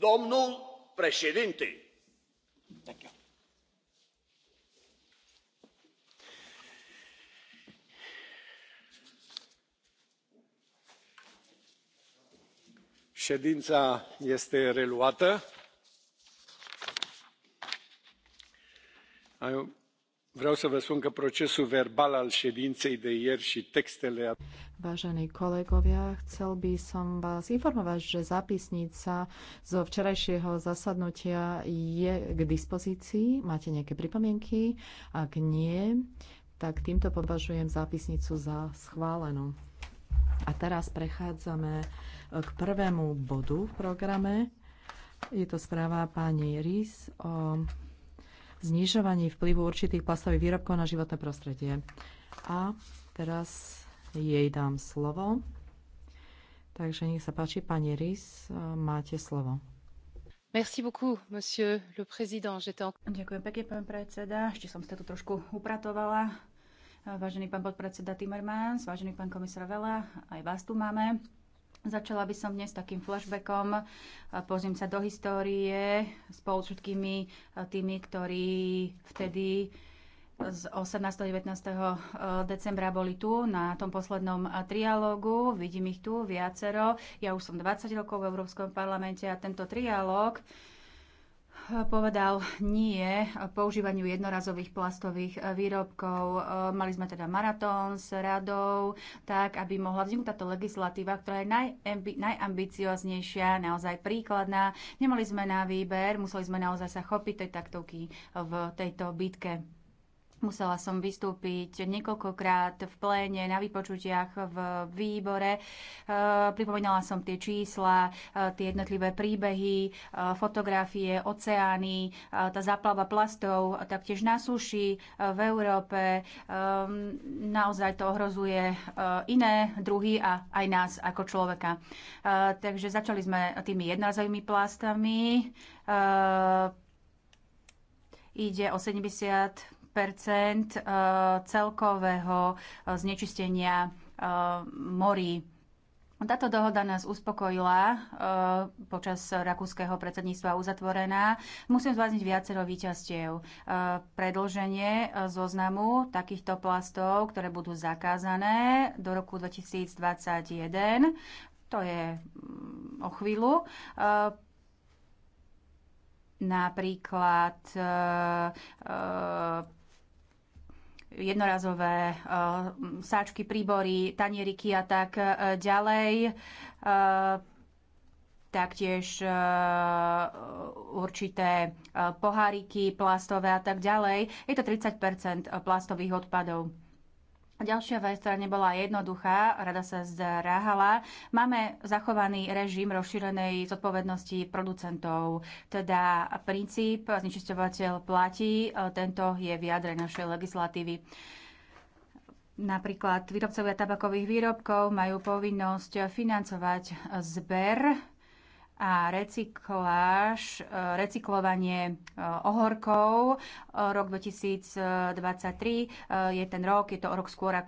domnul no, președinte ședința este reluată. vreau să vă spun că procesul verbal al ședinței de ieri și textele Vážení kolegovia, chcel by som vás informovať, že zápisnica zo včerajšieho zasadnutia je k dispozícii. Máte nejaké pripomienky? Ak nie, tak týmto považujem zápisnicu za schválenú. A teraz prechádzame eh, k prvému bodu v programe. Je to správa pani Rís o znižovaní vplyvu určitých plastových výrobkov na životné prostredie. A teraz jej dám slovo. Takže nech sa páči, pani Rys, máte slovo. Merci beaucoup, monsieur le président. Ďakujem pekne, pán predseda. Ešte som sa tu trošku upratovala. Vážený pán podpredseda Timmermans, vážený pán komisár Vela, aj vás tu máme. Začala by som dnes takým flashbackom. Pozriem sa do histórie spolu s všetkými tými, ktorí vtedy z 18. 19. Eh, decembra boli tu na tom poslednom eh, trialógu. Vidím ich tu viacero. Ja už som 20 rokov v Európskom parlamente a tento trialóg eh, povedal nie používaniu jednorazových plastových výrobkov. Mali sme teda maratón s radou, tak aby mohla vzniknúť táto legislatíva, ktorá je najambi- najambicioznejšia, naozaj príkladná. Nemali sme na výber, museli sme naozaj sa chopiť tej taktovky v tejto bitke. Musela som vystúpiť niekoľkokrát v pléne, na vypočutiach, v výbore. E, pripomínala som tie čísla, e, tie jednotlivé príbehy, e, fotografie, oceány, tá záplava plastov, taktiež na suši v Európe. Naozaj to ohrozuje iné druhy a aj nás ako človeka. Takže začali sme tými jednázovými plastami. Ide o 70 Eh, celkového eh, znečistenia eh, morí. Táto dohoda nás uspokojila počas rakúskeho predsedníctva uzatvorená. Musím zvázniť viacero výťastiev. Predlženie zoznamu takýchto plastov, ktoré budú zakázané do roku 2021, to je mm, o chvíľu napríklad e, e, jednorazové eh, sáčky, príbory, tanieriky a tak eh, ďalej. Eh, taktiež určité poháriky plastové a tak ďalej. Je to 30 plastových odpadov. Ďalšia vec, ktorá nebola jednoduchá, rada sa zdráhala. Máme zachovaný režim rozšírenej zodpovednosti producentov, teda princíp znečisťovateľ platí, e, tento je v jadre našej legislatívy. Napríklad výrobcovia tabakových výrobkov majú povinnosť financovať zber a recykláž, e, recyklovanie e, ohorkov. E, rok 2023 je ten rok, je to rok skôr ako